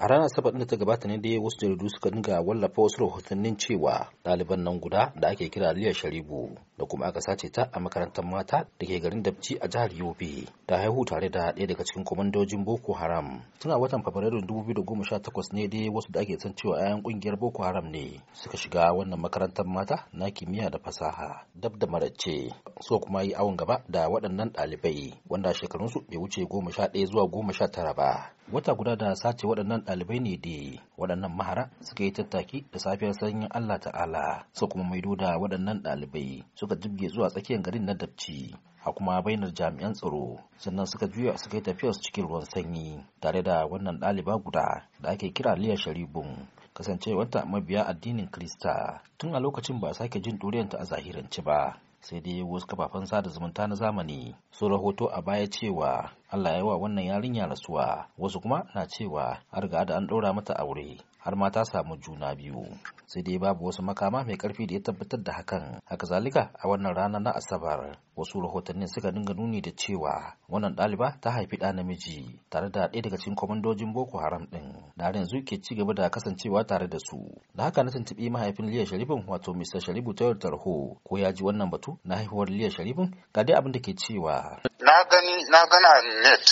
a ranar asabar da ta gabata ne da wasu jaridu suka dinga wallafa wasu rahotannin cewa ɗaliban nan guda da ake kira Liya Sharibu da kuma aka sace ta a makarantar mata da ke garin Dabci a jihar Yobe ta haihu tare da ɗaya daga cikin kwamandojin Boko Haram tana watan Fabrairu 2018 ne dai wasu da ake san cewa 'ya'yan ƙungiyar Boko Haram ne suka shiga wannan makarantar mata na kimiyya da fasaha dab da marace so kuma yi awon gaba da waɗannan ɗalibai wanda shekarunsu bai wuce goma sha ɗaya zuwa goma sha tara ba wata guda da sace waɗannan ɗalibai ne da waɗannan mahara suka yi tattaki da safiyar sanyin Allah ta'ala su kuma maido da waɗannan ɗalibai suka jibge zuwa tsakiyar garin na dabci a kuma bainar jami'an tsaro sannan suka juya suka yi tafiyar su cikin ruwan sanyi tare da wannan ɗaliba guda da ake kira liya sharibun kasancewarta mabiya addinin krista tun a lokacin ba a sake jin duriyanta a zahirance ba sai dai wasu kafafen sada zumunta na zamani su rahoto a baya cewa Allah ya yi wa wannan yarinya rasuwa wasu kuma na cewa an riga da an ɗora mata aure har ma ta samu juna biyu sai dai babu wasu makama mai karfi da ya tabbatar da hakan haka zalika a wannan rana na asabar wasu rahotanni suka dinga nuni da cewa wannan ɗaliba ta haifi ɗa namiji tare da ɗaya daga cikin kwamandojin boko haram ɗin da har ke ci gaba da kasancewa tare da su da haka na tuntuɓi mahaifin liya sharifin wato mr sharifu tayar tarho ko ya ji wannan batu na haihuwar liya sharifin ga dai abin da ke cewa na gani na gana net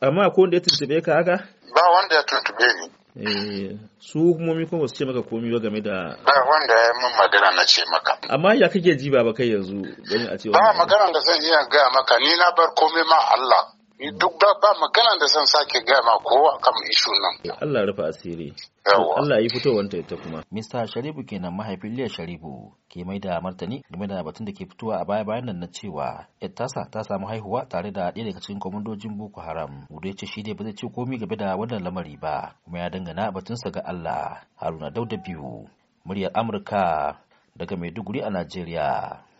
amma eh. ko wanda ya tuntube ka haka ba wanda ya tuntube ni eh, su hukumomi kuma su ce maka komi ba game da ba wanda ya mun magana na ce maka amma ya kake ji ba kai yanzu ganin a cewa ba magana da zan iya ga maka ni na bar komai ma Allah duk ba ba magana da zan sake gama kowa kan ishu nan Allah rufa asiri Allah yi fitowar ta ita kuma Mista Sharibu kenan mahaifin Liya Sharibu ke mai da martani game da batun da ke fitowa a baya bayan nan na cewa Ittasa ta samu haihuwa tare da ɗaya daga cikin komandojin Boko Haram wanda ya ce shi ne ba zai ce komai game da wannan lamari ba kuma ya dangana sa ga Allah Haruna Dauda biyu muryar Amurka daga Maiduguri a Najeriya